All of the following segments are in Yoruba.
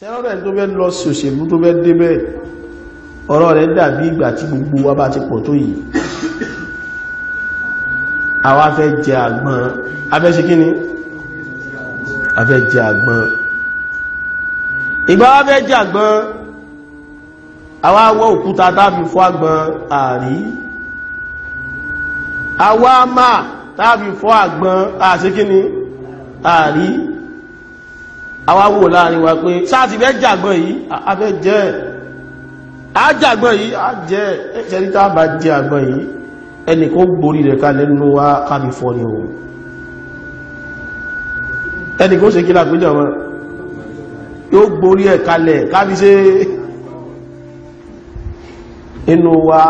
tẹ́rọ̀rẹ̀ tó bẹ́ lọ sí òṣèlú tó bẹ́ débẹ̀ ọ̀rọ̀ rẹ̀ dàbí ìgbà tí gbogbo wa bá ti pọ̀ tó yìí àwa fẹ́ jẹ àgbọn afẹ́ ṣe kíni afẹ́ jẹ àgbọn ìgbà wa fẹ́ jẹ àgbọn àwa wọ́ òkúta táàfi fọ́ àgbọn àrí àwa máa táàfi fọ́ àgbọn àṣekíni àrí àwáwò láàrin wa pé sáàtì fẹ́ jàgbọ́n yìí afẹ́ jẹ́ àjàgbọ́n yìí a jẹ́ ẹ̀ṣẹ̀rí tá bá jẹ́ àgbọ́n yìí ẹni kó gborí rẹ̀ kalẹ̀ nínú wa California o ẹni kó ṣe kí lápínlẹ̀ wọn yóò gborí ẹ̀ kalẹ̀ kábíṣe inú wa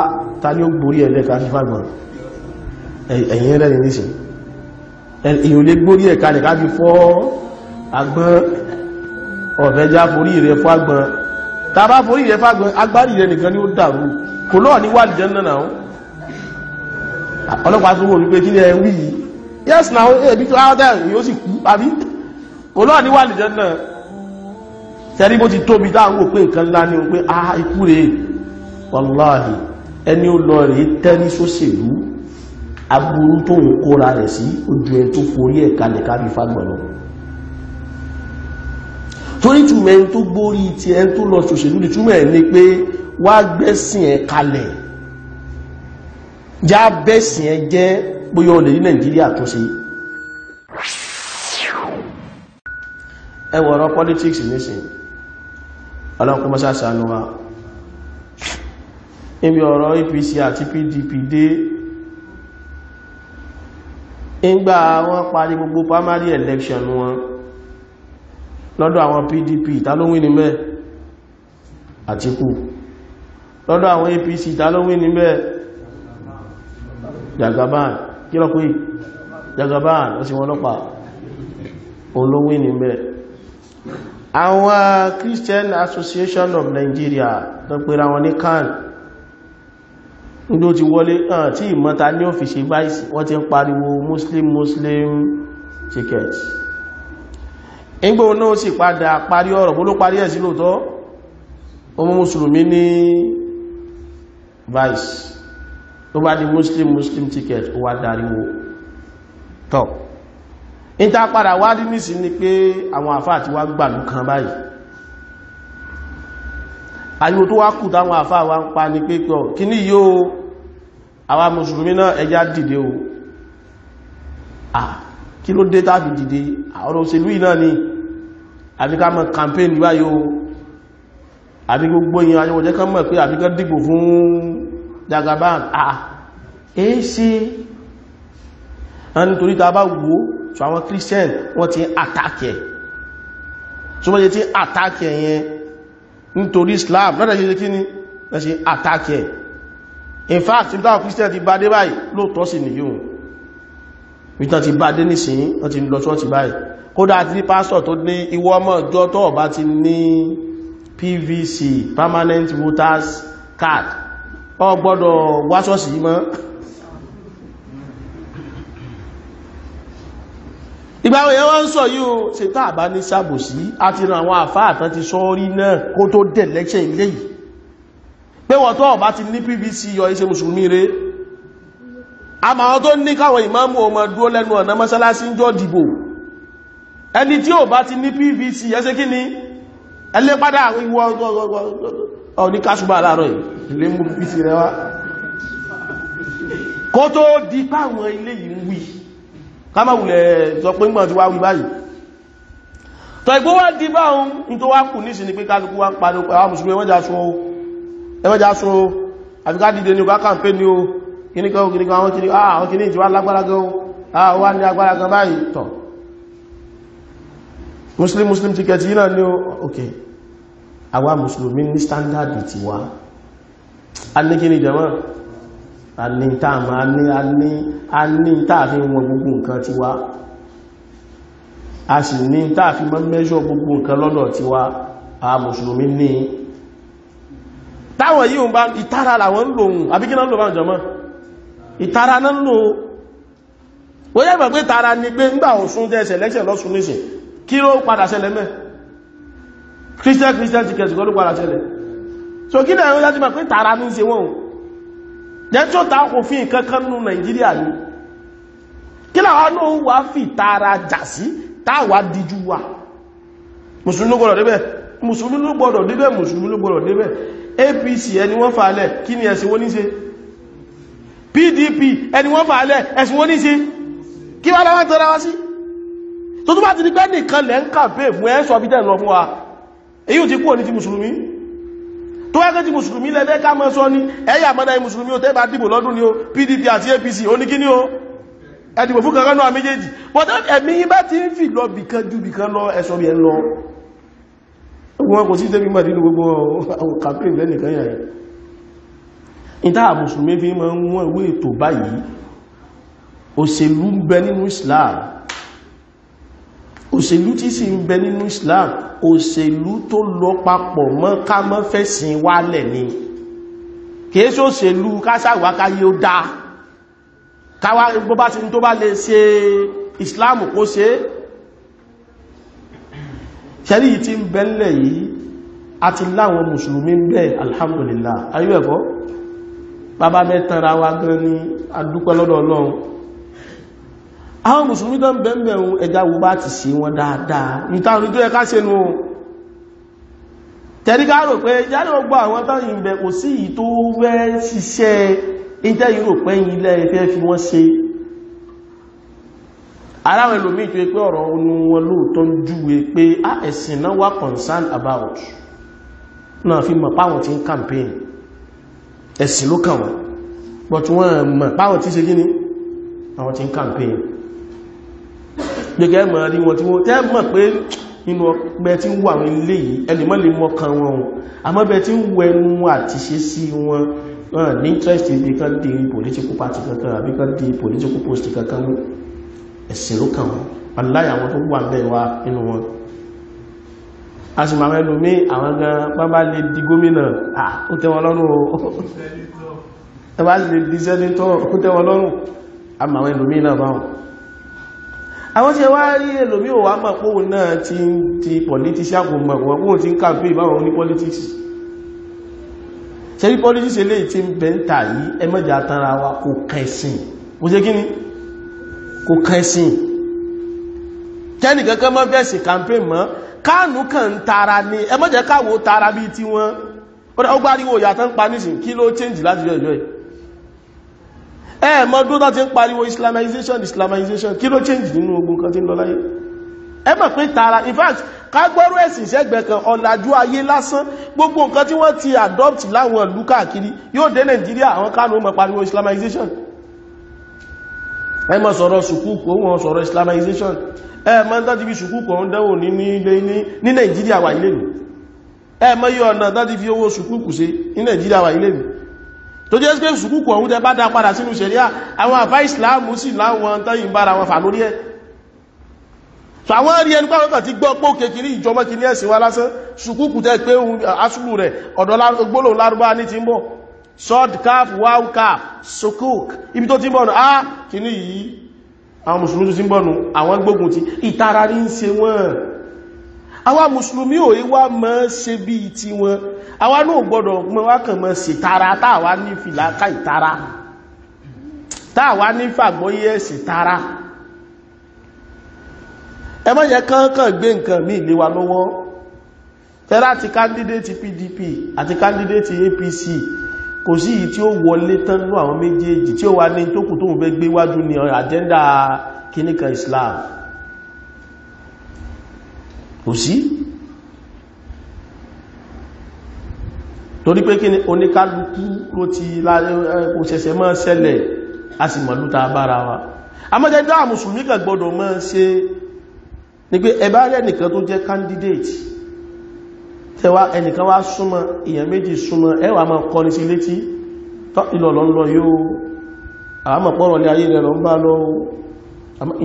ta ni ó gborí ẹ̀ lẹ́ka ní fagbọn ẹ̀yìn rẹ̀ ní níṣẹ́ èyàn gborí ẹ̀ kalẹ̀ kábí fọ́ agbọ́n ọ̀fẹ́ já forí rẹ̀ fágbọn tàbá forí rẹ̀ fágbọn agbárí rẹ̀ nìkan ni ó dàrú kò náà ní wàlì jẹ́nà náà ọlọ́pàá tó wò wípé kí ni ẹ wí yìí yes now ebi eh, tó ah, áwọ́dà yóò sì kú àbí kò náà ní wàlì jẹ́nà tẹ́rí bó ti tóbi dáhùn òpé nǹkan ńlá ni òpé ah ikú rèé wàláhì ẹni ó lọ rèé tẹ́rí sóṣèlú aburú tóun kóra rẹ̀ sí ojú ẹ tó forí ẹ̀ kalẹ̀ kábí fagbọ̀n lọ torí túmọ̀ ẹni tó gbórí ti ẹni tó lọ ṣòṣèlú lè túmọ̀ ẹ̀ ni pé wá gbẹ́sìn ẹ̀ kalẹ̀ já bẹ́sìn ẹ̀ jẹ́ bóyá ọlẹ̀ ní nàìjíríà tó ṣe ẹwọ̀rọ̀ politics nísìn ọlọ́pọ̀ mọ́sáṣà ní wa níbi ọ̀rọ̀ APC àti PDP dé ìgbà wọn parí gbogbo primary election wọn lọ́dọ̀ àwọn PDP ìtàlówí ní mẹ́ Àtíkù lọ́dọ̀ àwọn APC ìtàlówí ní mẹ́ Jagaban kí lọ́kú yìí Jagaban ó sì wọ́n lọ́pàá olówí ní mẹ́ àwọn Christian Association of Nigeria tó pèrà wọn ní kan nílò ti wọlé hàn tí ìmọ́ta ní ọ̀fíṣẹ́ báyìí wọ́n ti ń pariwo Muslim Muslim tickets ìgbò náà sì padà parí ọ̀rọ̀ bó ló parí ẹ̀ sí lóòtọ́ ọmọ mùsùlùmí ní vice tó bá di muslim muslim ticket ó wá dariwo tọ́ ìta padà wá dí nìsí ni pé àwọn àfáà ti wá gbàlú kan báyìí àyíwò tó wá kù táwọn àfáà wá ń pa ní pé pọ̀ kí ní yóò àwa mùsùlùmí náà ẹjá dìde o ah kí ló dé tàbí dìde àwọn òṣèlú iná ni àbí ká mọ̀ campaign ní báyìí o àbí gbogbo èèyàn ayọ́wọ̀jẹ́ kan mọ̀ pé àbí kan dìbò fún Jagaban àà èé sí ẹni torí ta bá wo so àwọn Christian wọ́n ti àtàkẹ̀ so wọ́n ti àtàkẹ̀ yẹn nítorí Islam lọ́dẹ̀ ṣe kí ni wọ́n ti àtàkẹ̀ in fact nítorí Christian ti bá dé báyìí lóòtọ́ sí nìyí ìtàn ti bá dé nìsìn wọ́n ti lọ ṣọ́ọ̀ṣì báyìí kódà ti ní pásítọ̀ tó ní ìwọ ọmọ ọjọ́ tó ọba ti ní PVC permanent voters card ọ gbọ́dọ̀ wá ṣọ́ọ̀ṣì yìí mọ́ ìgbàwò yẹn wọ́n ń sọ yíò ṣe tá àbá ní sàbòsí àti ìran àwọn àfáà tán ti sọ rí náà kó tó dẹ̀ ilé yìí pé wọ́n tó ọba ti ní PVC yọ iṣẹ́ mùsùlùmí rẹ̀ àmà àwọn tó ní káwọn ìmáàmù ọmọ dúó lẹ́nu ọ̀nà mọ́sálásí ń jọ dìbò ẹni tí ò bá ti ní pvc ẹsẹ́ kí ni ẹlẹ́ padà ìwọ ọ̀ní kásùbà aláàrọ̀ ilé mú pvc rẹ wá kó tó di páwọn ilé yìí ń wí kámàwùlẹ̀ sọ pé gbọ́n ti wá wí kíníkan kíníkan àwọn kíní àwọn kíní ah, ìjọba lágbára gan àwọn wá ní agbára ah, gan báyìí tọ̀ muslim muslim ticket yìí náà ní ok àwa musulmi ní standard ti wá a ní kíní jẹmọ́ a ní táàmù a ní a ní a ní táàfin wọn gbogbo nǹkan ti wá a sì ní táàfin mọ́ mẹ́ṣọ́ gbogbo nǹkan lọ́dọ̀ ti wá a musulmi ìtara náà lò ó yẹ́ ìgbàgbé tara ni pé ńgbà Ọ̀ṣun jẹ́ selection lọ́sùn nìsìn kí ló padà ṣẹlẹ̀ mẹ́ christian christian ticket kọ́ ló padà ṣẹlẹ̀ so kí lẹ́yìn láti máa pé tara ní ṣe wọ́n jẹ́ tí ó ta kò fi nǹkan kan nínú Nàìjíríà ní kí làwọn náà wá fi tara jà sí táwà díjú wà mùsùlùmí ló gbọ́dọ̀ débẹ̀ mùsùlùmí ló gbọ́dọ̀ débẹ̀ APC ẹni wọ́n falẹ̀ kí ni ẹ̀sìn wọ́n ní ṣe PDP ẹni wọ́n fà lẹ́ ẹ̀sùn wọ́n ní sí kí wá láwọn tọ́ra wá sí tó tó bá ti ní pẹ́ nìkan lẹ́ ń kàpé fún ẹ́sọ́ bí tẹ́ lọ fún wa èyí ò ti kúrò ní ti mùsùlùmí tó wá ti mùsùlùmí lẹ́lẹ́ ká mọ́ sọ ní ẹ̀yà mọ́dá mùsùlùmí ó tẹ́ bá dìbò lọ́dún ni ó PDP àti APC ó ní kí ni ó ẹ̀dìbò fún kankan náà méjèèjì but ẹ̀mí yí bá ti ń fi lọ bìkan ju bìkan lọ ẹ̀sọ́ bí ẹ lọ wọn kò sí débi mọ̀ nínú gbogbo àwọn kàpé lẹ́nìkan yẹn ìta mùsùlùmí fi ma ń wọ́n ìwé ètò báyìí òṣèlú ń bẹ nínú Islam òṣèlú tí sì ń bẹ nínú Islam òṣèlú tó lọ papọ̀ mọ́ ká mọ́ fẹ́sìn wálẹ̀ ni kìí sí òṣèlú kásàwákáyé ó dá káwá bó bá ti tó bá lè ṣe Islam kó ṣe ṣẹ́rí tí ń bẹ́ńlẹ̀ yìí àti láwọn mùsùlùmí ń bẹ alhamdulillah ayú ẹ̀kọ́ bàbá mẹ́tànra wa gan ni adúpẹ́ lọ́dọ̀ Ọlọ́run àwọn mùsùlùmí tó ń bẹ̀m̀bẹ̀ ohun ẹja wo bá ti ṣe wọn dáadáa níta orí tó yẹ ká ṣe nù ohun tẹ̀ríká rò pé jáde ọgbọ́ àwọn tó yìí bẹ̀ kò sí yìí tó ṣiṣẹ́ ìtẹ́ yìí rò pé ilẹ̀ ẹ̀fẹ́ fi wọ́n ṣe aláwọ̀ ẹlòmíì tó pé ọ̀rọ̀ ọnu wọn lóòótọ́ ń júwe pé a ah, ẹ̀sìn náà wà concerned about náà fi mọ̀ páwọn ti ń campaign ẹ̀sìn ló kàn but wọ́n mọ̀ páwọn tí ṣe gíní àwọn tí ń campaign gẹ́gẹ́ mọ̀ rí wọn tí wọ́n tẹ́ mọ̀ pé inú ọgbẹ́ tí ń wà wọn ilé yìí ẹlùmọ́ lè mọ́ kan wọn àmọ́bẹ̀ tí ń wọ àti ṣe sí wọn ní interest ibi kan di political party kankan àbí kan di political post kankan ẹ̀sìn ló kàn wọ́n aláyàwọn tó wà bẹ́ẹ̀ wá nínú wọn a sì máa mẹ́lú mí àwọn gan pápá lè di gómìnà ó tẹ́wọ́ lọ́rùn ó bá lè di sẹ́nitọ́ ó tẹ́wọ́ lọ́rùn a máa náà báwọn àwọn tí wá rí ẹlòmí ò wá mọ̀ póhùn náà ti ń ti politician kò mọ̀ wọ́n póhùn ti ń kàfí ìbáwọn ní politics ṣe rí politics eléyìí tí ń bẹ ń tà yìí ẹmọ́jà àtàrà wa kò kẹsìn kò ṣe kíní kò kẹsìn tẹ́nì kankan mọ́ fẹ́sì campaign mọ́ kánù kàn tara ni ẹ má jẹ́ káwò tara bí tí wọ́n ó gbáríwò ìyàtọ̀ ń pa nísìn kí ló change láti ọjọ́ ẹ̀ ẹ mọ́ dúró tó ti ń pariwo islamization islamization kí ló change nínú ogun kan tí ń lọ láyé ẹ mọ̀ pé in fact ká gbọ́rọ̀ ẹ̀sìn sẹ́gbẹ̀ kan ọ̀làjú ayé lásán gbogbo nǹkan tí wọ́n ti adopt láwọn ìlú káàkiri yóò dé nàìjíríà àwọn kánù mọ̀ pariwo islamization ẹ mọ̀ sọ̀rọ̀ sùkúùkù wọn sọ̀rọ̀ islamization ẹ̀mọ́ tàbí fi ṣùkúkù ọ̀hún dánwò ní Nàìjíríà wà ilé mi ẹ̀mọ́ yí ọ̀nà tàbí fi owó ṣùkúkù ṣe ní Nàìjíríà wà ilé mi tó jẹ́ pé ṣùkúkù ọ̀hún tẹ bá dá padà sínú ṣẹ̀ríà àwọn àfá ìsìláàmù sì láwọn tẹ́yìn bára wọn fà so àwọn rí ẹni pàwọn kan ti gbọ́ pó kékeré ìjọmọ́ kí ní ẹ̀sìn wa lásán ṣùkúkù tẹ́ pé ohun asúlù rẹ̀ sukuk ibi tó ti ń àwọn mùsùlùmí tó sí ń bọ̀nù àwọn gbógun ti ìtara rí ń ṣe wọ́n àwọn mùsùlùmí ò wá mọ́ ṣe bí ti wọn àwọn náà gbọ́dọ̀ mọ́ wá kàn mọ́ sí tara táàwá ní fìlàkà ìtara táàwá ní fàgbọ́yé ẹ̀sì tara ẹ má jẹ́ kánkàn gbé nǹkan mí lé lọ́wọ́ tẹ́lá ti kándídéètì PDP àti kándídéètì APC kò sí yìí tí ó wọlé tán ní àwọn méjèèjì tí ó wà ní tó tó ń fẹ́ gbé wájú ní àjẹ́ndà kíníkan Islam kò sí torí pé kí ni oníkálukú ló ti kò ṣẹ̀ṣẹ̀ máa ṣẹlẹ̀ a sì mọ̀lúta bára wa amọ́jẹ́dá mùsùlùmí kan gbọ́dọ̀ máa ṣe ni pé ẹbá rẹ̀ nìkan tó jẹ́ candidate tẹwa ẹnìkan wá súnmọ́ èèyàn méjì súnmọ́ ẹwà máa kọ́ ní sí létí tọ́ ìlọ̀lọ́ ń lọ yóò àmọ̀ pọ́rọ̀ ní ayé rẹ̀ lọ ń bá lọ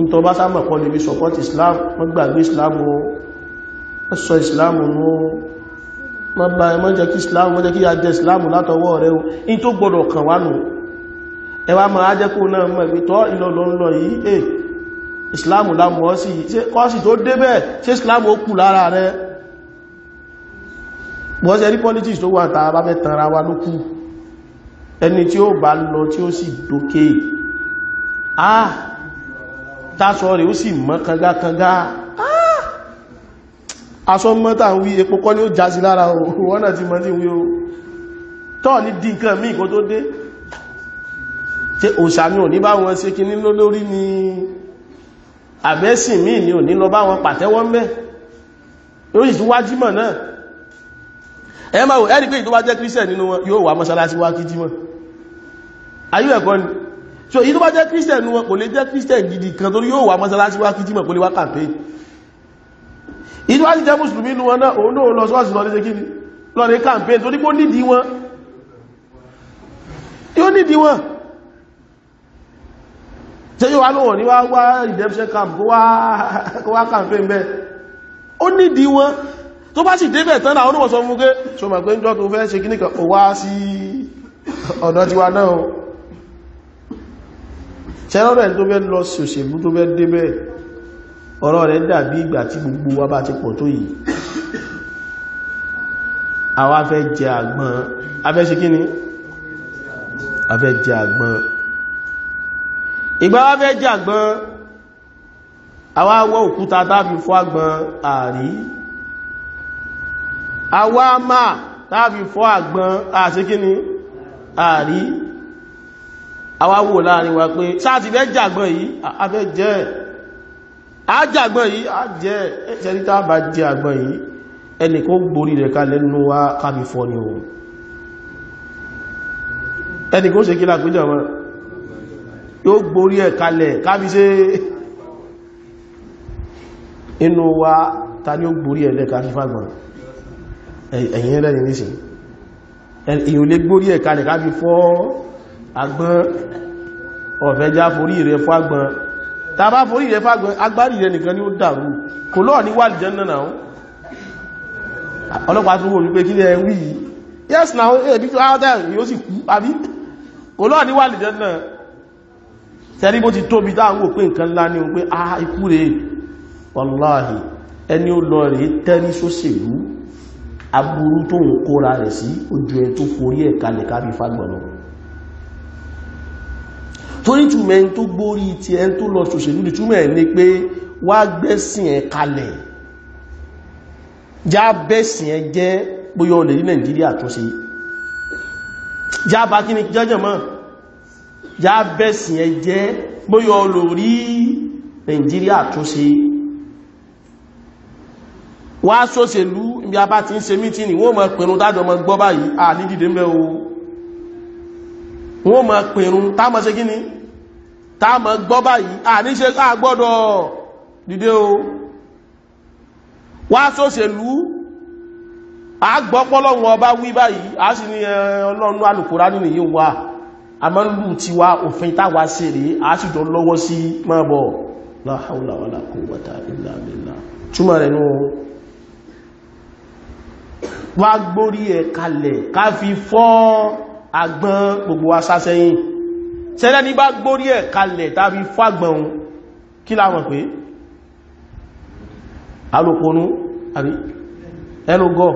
ìntọ́ bá sámọ̀ níbi support Islam wọ́n gbàgbé Islam o wọ́n sọ Islam o wọ́n jẹ́ kí Islam wọ́n jẹ́ kí a jẹ́ Islam látọwọ́ rẹ̀ o in tó gbọ́dọ̀ kàn wá nù ẹwà máa jẹ́ bọ́ ṣe rí politics tó wà tàà bá fẹ́ tanra wa ló kú ẹni tí ó bá lọ tí ó sì dókè ah tásọ rẹ̀ ó sì mọ́ kangakanga ah aṣọ mọ́ta ń wí epo kọ́ ní ó jásí lára wọ́n náà ti mọ́ ní wí o tọ́ ní dí nǹkan míì kó tó dé tí òṣàmì ò ní bá wọn ṣe kí nínú lórí ni àbẹ́sìn míì ni ò ní lọ bá wọn pàtẹ́wọ́ mẹ́ ẹ máa wò ẹ́rì pé ìtọ́wà jẹ́ kírísẹ̀ nínú wọn yóò wà mọ́sálásí wá kí jímọ̀ ayú ẹ̀kọ́ ni so èyí tó bá jẹ́ kírísẹ̀ nínú wọn kò lè jẹ́ kírísẹ̀ gidi kan tó yóò wà mọ́sálásí wá kí jímọ̀ kò lè wá kàmpé ìtọ́wà ti jẹ́ mùsùlùmí nínú wọn náà òun náà lọ sọ́ọ̀sì lọ́dẹ́ kí ni lọ́dẹ́ kàmpé tó dípò nídìí wọn yóò nídìí wọn ṣe yóò wá lọ́wọ́ ní wá wá redemption camp kó wá kàmpé ń bẹ́ ó nídìí wọn tó bá sì débẹ̀ tán àwọn onímọ̀ sọ fún pé so ma pé ń jọ tó fẹ́ ṣe kíníkà ó wá sí ọ̀dọ̀ tiwa náà o ṣẹ́rọ̀rẹ̀ tó fẹ́ lọ sí òṣèlú tó fẹ́ débẹ̀ ọ̀rọ̀ rẹ̀ dàbí ìgbà tí gbogbo wa bá ti pọ̀ tó yìí àwa máa tàbí fọ́ àgbọn àṣíkíní àrí àwa wò láàrin wa pé sáàtì fẹ́ jàgbọn yìí afẹ́ jẹ́ àjàgbọn yìí a jẹ́ ẹ̀ṣẹ̀ríta bá jẹ́ àgbọn yìí ẹni kó gborí rẹ̀ kalẹ̀ nínú wa kábí fọ́ ni ohun ẹni kó ṣe kílà pínjọ wọn yóò ẹ̀yìn rẹ̀ nìrísì èyàn lè gbórí ẹ̀ kalẹ̀ ká fi fọ́ agbọ́n ọ̀fẹ́já forí rẹ̀ fọ́ agbọ́n ta bá forí rẹ̀ fọ́ agbọ́n agbárí rẹ̀ nìkan ni ó dàrú kò lọ́ọ̀ ní wà jẹ́ náà ọlọ́pàá tó wò wípé kí ni ẹ wí yìí yes now ẹbí tó áwọ́tẹ́ yóò sì kú àbí kò lọ́ọ̀ ní wà jẹ́ náà tẹ́rí bó ti tóbi dáa ń wò pé nǹkan ńlá ní o pé ah ikú rẹ̀ wallahi ẹni ó lọ rẹ̀ tẹ́rí sóṣèlú aburú tó ń kóra rẹ̀ sí ojú ẹ tó forí ẹ̀ kalẹ̀ kábí fagbọ̀nà torí túnmẹ̀ ń tó gbórí ti ẹ tó lọ ṣòṣèlú ní túnmẹ̀ ní pé wá gbẹ́sìn ẹ kalẹ̀ já bẹ́sìn ẹ jẹ́ bóyọ olè ní Nàìjíríà tó ṣe já bá kí ni jẹ́jẹ̀ mọ́ já bẹ́sìn ẹ jẹ́ bóyọ olórí Nàìjíríà tó ṣe wá sóṣèlú ibi a bá ti ń ṣe mítìnì wọ́n mọ̀ pẹ̀rún dájọ́ mọ̀ gbọ́ báyìí à ní dìde mẹ́ o wọ́n mọ̀ pẹ̀rún táàmọ̀ ṣe kí ni táàmọ̀ gbọ́ báyìí à ní ṣe ká gbọ́dọ̀ dìde o wá sóṣèlú a gbọ́ pọ́lọ́run ọba wí báyìí a sì ní ọlọ́run alùkùrá nínú yìí wà àmọ́ lù ti wá òfin táwa ṣe rèé a sì jọ lọ́wọ́ sí mọ́ bọ̀ la hawla wala quwwata illa billah túmọ̀ rẹ̀ nù wá gbórí ẹ̀ kalẹ̀ ká fi fọ́ agbọ́n gbogbo wa sásẹ́yìn sẹ́lẹ̀ ní bá gbórí ẹ̀ kalẹ̀ tá fi fọ́ agbọ́n kí láwọn pé alòpónú àbí ẹlògọ́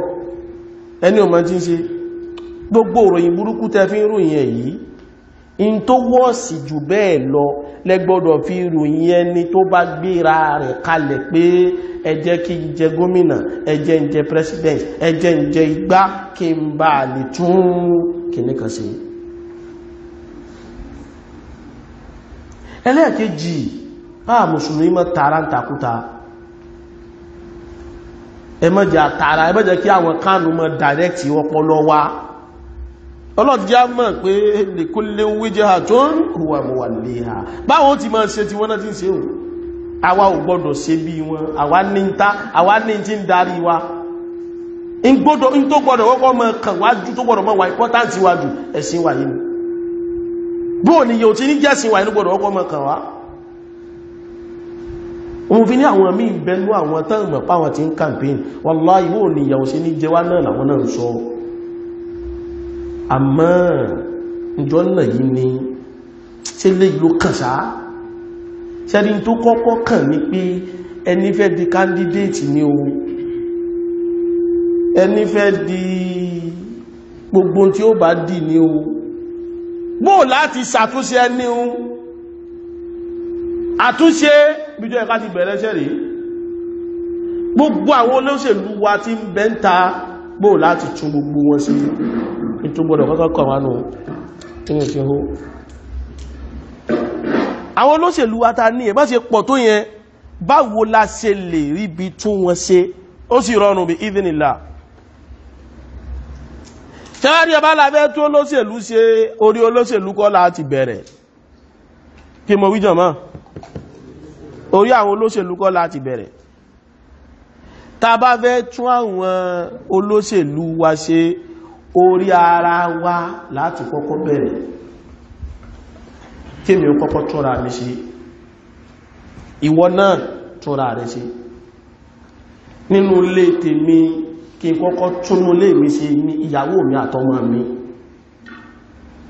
ẹni ò tí ń ṣe gbogbo òròyìn burúkú tẹ́ fi ń ròyìn ẹ̀ yìí in tó wọ́ọ̀sì jù bẹ́ẹ̀ lọ lẹ́gbọ́dọ̀ fi ròyìn ẹni tó bá gbéra rẹ̀ kalẹ̀ pé ẹ jẹ́ kí n jẹ gómìnà ẹ jẹ́ jẹ president ẹ jẹ́ jẹ igbá kí n bá lè tún kìnníkan sí ẹlẹ́ẹ̀kejì a mùsùlùmí mọ́ tààrà ń takúta ẹ má jẹ́ àtàrà ẹ má jẹ́ kí àwọn mọ́ direct ọpọlọ wa ọlọ́dìá mọ̀ pé lèkólé wéjẹ́ àjọ́ òwà mọ̀wà lè ha báwọn ti máa ṣe tí wọ́n náà ti ń ṣe òun àwa ò gbọ́dọ̀ ṣe bí wọn àwa ní ta àwa tí ń darí wa ń gbọ́dọ̀ ń tó gbọ́dọ̀ wọ́pọ̀ mọ̀ kàn wájú tó gbọ́dọ̀ mọ̀ wà ìpọ́táǹtì wájú ẹ̀sìn wà yìí bóò ni yóò ti ní jẹ́sìn wà yìí gbọ́dọ̀ wọ́pọ̀ mọ̀ kàn wá òun fi ní àwọn míì bẹnu àwọn tán mọ̀ ti ń kàmpéyìn wallahi bóò ni yàwó ṣe ní jẹ́wá náà làwọn náà sọ àmọ́ ìjọ náà yìí ni ṣe lè ló kàn sáà ṣẹ́rí tó kọ́kọ́ kàn ní pé ẹni fẹ́ di candidate ni o ẹni fẹ́ di gbogbo tí ó bá dì ní o bó láti ṣàtúnṣe ẹni o àtúnṣe bíjọ́ ẹ̀ká ti bẹ̀rẹ̀ ṣẹ́rí gbogbo àwọn olóṣèlú wa ti ń bẹ́ńta bó láti tún gbogbo wọn sí ìtúgbọ́dọ̀ kọ́kọ́kọ́ wánú tíyẹ fi hó àwọn olóṣèlú wa ta ní ẹ̀bá ṣe pọ̀ tó yẹn báwo la ṣe lè ríbi tún wọn ṣe ó sì rọrùn bí ìdínilá tẹ́wárí ọba lábẹ́ tó olóṣèlú ṣe orí olóṣèlú kọ́ láti bẹ̀rẹ̀ kí mo wíjọ̀ mọ́ orí àwọn olóṣèlú kọ́ láti bẹ̀rẹ̀ ta bá fẹ́ tún àwọn olóṣèlú wa ṣe orí ara wa láti kọ́kọ́ bẹ̀rẹ̀ kí mi ó kọ́kọ́ túnra mi ṣe ìwọ náà túnra rẹ̀ ṣe nínú ilé tèmi kí kọ́kọ́ túnú ilé mi ṣe ní ìyàwó mi àtọmọ mi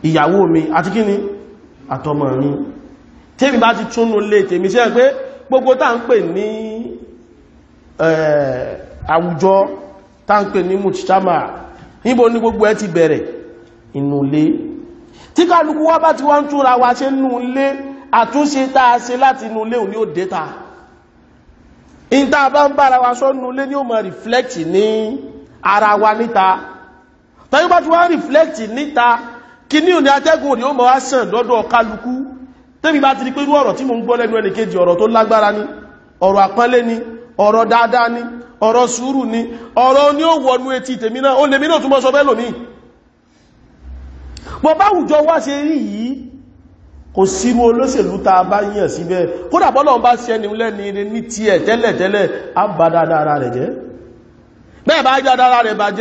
ìyàwó mi àti kí ni àtọmọ mi tèmi bá ti túnú ilé tèmi ṣe pé gbogbo tá ń pè ní Eh, àwùjọ táǹpẹ̀ ní mùsùtámà níbo ní gbogbo ẹ ti bẹ̀rẹ̀ inú ilé tí kálukú wá bá ti wá ń túnra wa ṣe nú ilé àtúnṣe tá a ṣe láti inú ilé òní òdé ta in tá a bá ń bára wa sọ nú ilé ní ó máa reflect ní ara wa níta tàbí bá ti wá reflect níta kí ní òní atẹ́gùn òní ó máa wá sàn lọ́dọ̀ kálukú tẹ́mi bá ti rí pé ọ̀rọ̀ tí mo ń gbọ́ lẹ́nu ẹnìkejì ọ̀rọ̀ tó lágbára ni ọ̀rọ̀ àpọ́nlé ni ọ̀rọ̀ dáadáa ni ọ̀rọ̀ sùúrù ni ọ̀rọ̀ ní ó wọnú etí tèmínà ó lè mínà túnmọ́ sọ bẹ́lò ní bọ́ bá wùjọ wá ṣe rí yìí kò sírú olóṣèlú ta bá yàn síbẹ̀ kódà bọ́lọ̀ bá ṣe ẹni lẹ́ni ní tí ẹ̀ tẹ́lẹ̀ tẹ́lẹ̀ á bá dáadáa rẹ̀ jẹ́ bẹ́ẹ̀ bá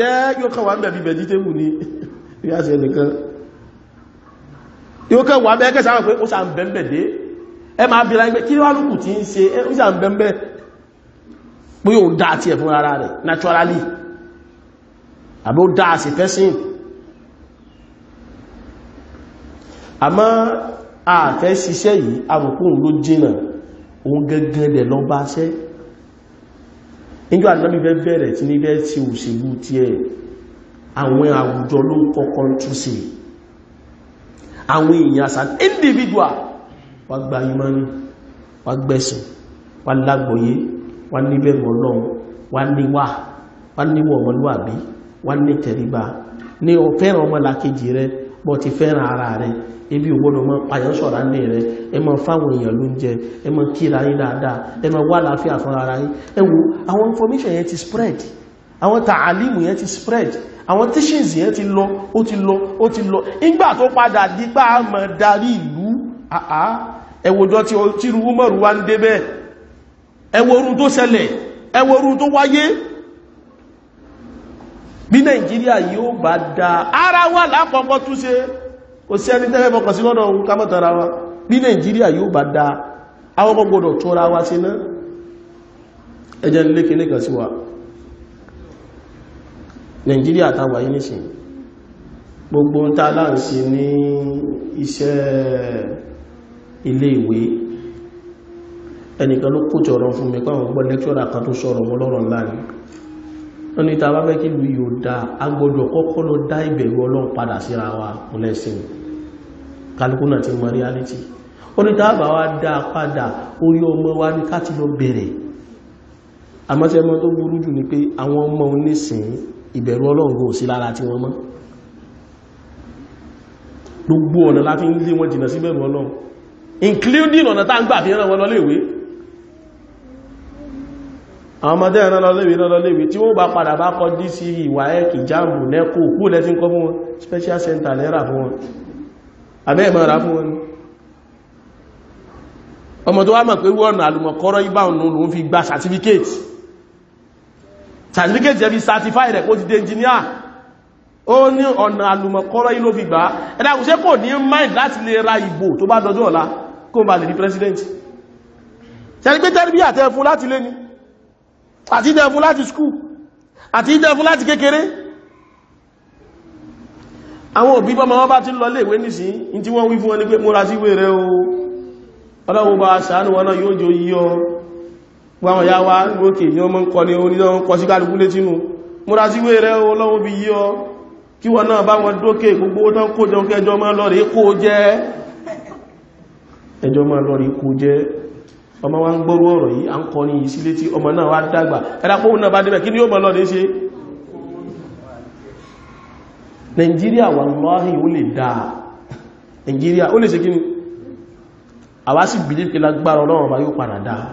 jẹ́ ẹ máa bí ra ẹgbẹ́ kí wá lùkù tí ń ṣe ó sàn bẹ́ẹ̀ pé ó dá àti ẹ̀fún ara rẹ̀ naturally àbí ó dá àti person àmọ́ àfẹ́ ṣiṣẹ́ yìí àbùkún ló jìnà òun gẹ́gẹ́ lẹ̀ lọ bá ṣẹ́ nígbà náà fẹ́ bẹ̀rẹ̀ tí ní fẹ́ ti òṣèlú tí àwọn àwùjọ ló kọ́kọ́ tún sí àwọn èèyàn as individual wà gba imani wà gbẹ̀sìn wà lágbòye wá níbẹ̀rù ọlọ́run wá níwà wá níwọ̀ ọmọlúwàbí wá ní tẹríba ní o fẹ́ràn ọmọlàkejì rẹ bọ́ ti fẹ́ràn ara rẹ ebi ògbónà mọ́ payọ́ sọ̀rọ̀ ní rẹ ẹ máa fáwọn èèyàn ló ń jẹ ẹ máa kíra yín dáadáa ẹ máa wá láàfíà fún ara yín ẹ àwọn information yẹn ti spread àwọn tààlìmù yẹn spread àwọn teachings yẹn ti lọ ó ti lọ ó ti lọ ìgbà tó padà dígbà mọ̀ darí ìlú àá ẹwòdọ́ tí ẹwọ́rún tó ṣẹlẹ̀ ẹwọ́rún tó wáyé bí nàìjíríà yóò bá dá ara wa lápọ̀pọ̀ tún ṣe kò sí ẹni tẹ́lẹ̀ fọkàn sí lọ́dọ̀ ohun kámọ́tara wa bí nàìjíríà yóò bá dá àwọn gbogbo wa sí náà ẹjẹ́ sí wa gbogbo ń nsi láǹsí ní iṣẹ́ ilé ẹnìkan ló kó jọ̀rọ̀ fún mi pàwọn gbọ́ lẹ́kṣọ́rà kan tó sọ̀rọ̀ wọn lọ́rọ̀ ńlá ni wọ́n ní ta bá fẹ́ kí ìlú yóò da agbọ́dọ̀ kọ́kọ́ lọ dá ìbẹ̀rù ọlọ́run padà síra wa lẹ́sìn kálukú náà ti mọ reality wọ́n ní ta bá wa dá padà orí ọmọ wa ní ká ti lọ bẹ̀rẹ̀ àmọ́sẹ́ ọmọ tó burú jù ni pé àwọn ọmọ onísìn ìbẹ̀rù ọlọ́run kò sí lára tí wọ́n mọ́ gbogbo ọ̀nà láti ń lé wọn jìnnà síbẹ̀rù ọlọ́run including ọ̀nà tá ń gbà fi ràn wọn lọ léèwé àwọn ọmọdé ẹ̀rọ lọ́lẹ́wì lọ́lẹ́wì tí wọ́n bá padà bá kọ́ dí sí ìwà ẹ̀kì jáàmù nẹ́kù kú lẹ́tí ń kọ́ fún wọn special center lẹ́ra fún wọn abẹ́ ìmọ̀ra fún wọn ọmọ tó wá mọ̀ pé wọ́n àlùmọ̀kọ́rọ̀ ìbáhùn lòun fi certificate certificate jẹ́ bí certify rẹ̀ kó ti dé engineer ó ní ọ̀nà àlùmọ̀kọ́rọ̀ yìí ló fi gbà ẹ̀dàkùnṣẹ́ mind láti lè ra ìbò tó bá di president ṣe ni pé tẹ́rìbí ni àti ìdẹ̀fún láti skú àti ìdẹ̀fún láti kékeré àwọn òbí bọ́mọ wọ́n bá ti lọ léèwé nìsí in tí wọ́n wí fún wọn ní pé múra sí wèrè o ọlọ́run bá sàánù wọn náà yóò jò yíyọ wọ́n ya wá lókè ní ọmọ ń kọ ní oníná ń kọ sí kálukú létí nù múra kó jẹ́ ọmọ wa ń gbọ́rú ọ̀rọ̀ yìí a ń kọ ní ìsílé tí ọmọ náà wá dàgbà ẹ̀dàpọ̀wò náà bá débẹ̀ kí ni ó mọ̀ lọ́dẹ́ ṣe Nàìjíríà wallahi ó lè dáa Nàìjíríà ó lè ṣe kíni àwa sì bìlí pé lágbára Ọlọ́run bá yóò padà dáa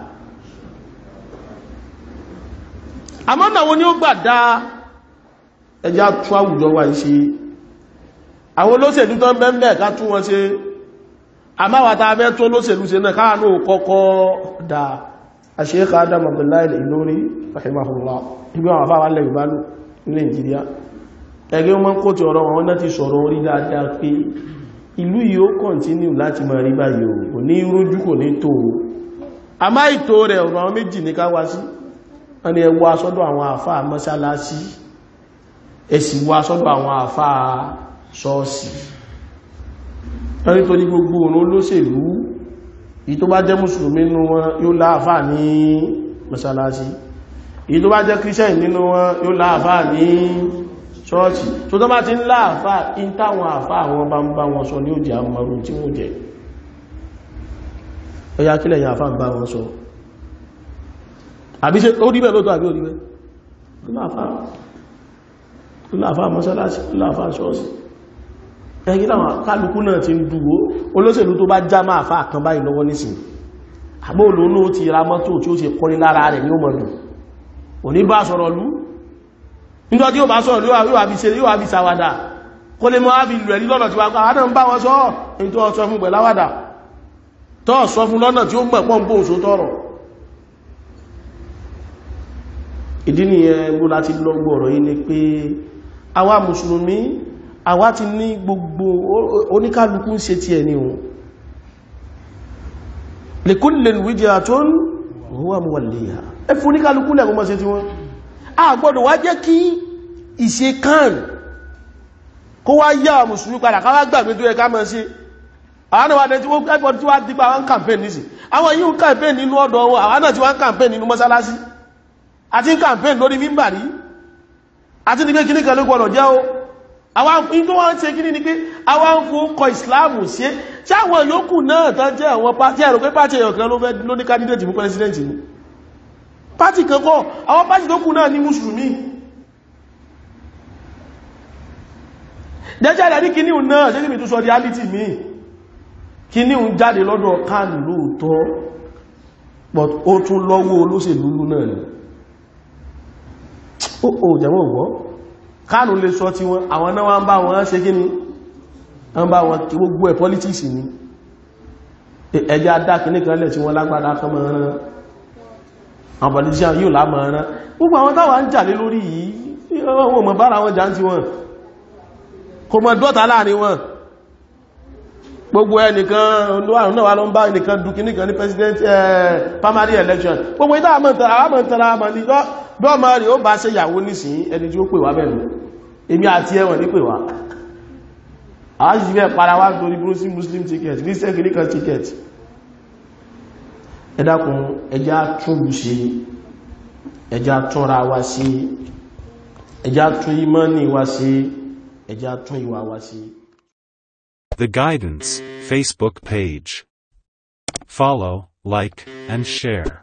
àmáwàtà abẹ́ tó lóṣèlú ṣe náà káà náà kọ́kọ́ dà àṣíkà adam abdullahi Ìlọrí rahimahullah ibi àwọn afáwà lẹ́yìn bá lò ní Nàìjíríà ẹgbẹ́ wọn kó tí ọ̀rọ̀ wọn náà ti sọ̀rọ̀ orí dáadáa pé ìlú yìí ó kọ̀ntínú láti máa rí báyìí ò ní rújú kò ní wọ́n nítorí gbogbo òun olóṣèlú èyí tó bá jẹ́ mùsùlùmí nínú wọn yóò láàfà ní mọ́sálásí èyí tó bá jẹ́ kírísẹ̀n nínú wọn yóò láàfà ní ṣọ́ọ̀ṣì tó tó bá ti ń láàfà in táwọn àfà àwọn bá ń bá wọn sọ ní òjì àmọ́rún tí wọ́n jẹ́ láàfà mọ́sálásí láàfà ṣọ́ọ̀ṣì ẹgbẹ́ àwọn kálukú náà ti ń dúró olóṣèlú tó bá já máa fa àkànbá ìlọ́wọ́ nísìn àbó olóòlò ti ra mọ́tò tí ó ṣe kọrin lára rẹ̀ ní òmọ̀lù òní bá sọ̀rọ̀ lú nígbà tí ó bá sọ̀rọ̀ yóò àfi ṣe yóò àfi ṣàwàdà kó lè mọ́ àfi lù ẹ̀rí lọ́nà tí wà káwà náà ń àwa ti ní gbogbo oníkálukú ń ṣe ti ẹni ohun li kullin wijhatun huwa muwalliha ẹfún oníkálukú lẹ́gbọ́n mọ́ ṣe ti wọ́n a gbọ́dọ̀ wá jẹ́ kí ìṣe kan kó wá yá mùsùlùmí padà káwà gbàgbé tó yẹ ká mọ́ sí àwọn àwọn àdẹ́ tí wọ́n gbẹ́gbọ́n tí wá dípa àwọn kàmpẹ́n nìsì àwọn yíò kàmpẹ́n nínú ọ̀dọ̀ wọn àwọn náà tí wọ́n kàmpẹ́n àti kàmpẹ́n lórí mímbàrí àti nígbé kíníkà jẹ́ o àwọn tó wọ́n ṣe kíní ni pé àwọn kò kọ ìsìláàmù sí é tí àwọn yòókù náà tán jẹ́ àwọn pàtí ẹ̀rọ pé pàtí ẹ̀yọ̀ kan ló fẹ́ ló ní kandidate mú president mú pàtí kankọ́ àwọn pàtí tó kù náà ní mùsùlùmí dẹ́jẹ́ ìdàdí kíní náà ṣe síbi but ó tún lọ́wọ́ olóṣèlú náà ni ó jẹ́wọ́ kánù lè sọ tí wọn àwọn náà wọ́n bá wọn ṣe kí ni wọ́n bá wọn tí gbogbo ẹ̀ politics ni ẹjẹ́ adáki nìkan lẹ̀ tí wọ́n lágbàdá kọmọ̀ọ́rán àwọn politician yóò lámọ̀ọ́rán gbogbo àwọn táwà ń jàlé lórí yìí wọ́n mọ̀ bára wọn jà ń ti wọn kò mọ̀ dọ́ta láàrin wọn gbogbo ẹnìkan olóòrùn náà wà ló ń bá ẹnìkan dùkì nìkan ní president eh, primary election gbogbo ìtàwọn àmọ̀ntara àmọ̀ntara àmọ̀ntara bọ́ọ̀mọ́ rẹ̀ ó bá ṣe ìyàwó nísìn ẹni tí ó pè wá bẹ̀rù èmi àti ẹwọ̀n ní pè wá àájúfẹ́ para wá torí brúsí muslim ticket christian kìníkan ticket ẹ ẹjá túnbù ṣe ẹjá túnra wá sí ẹjá tún ìmánì wá sí ẹjá tún ìwà wá sí The Guidance Facebook page. Follow, like, and share.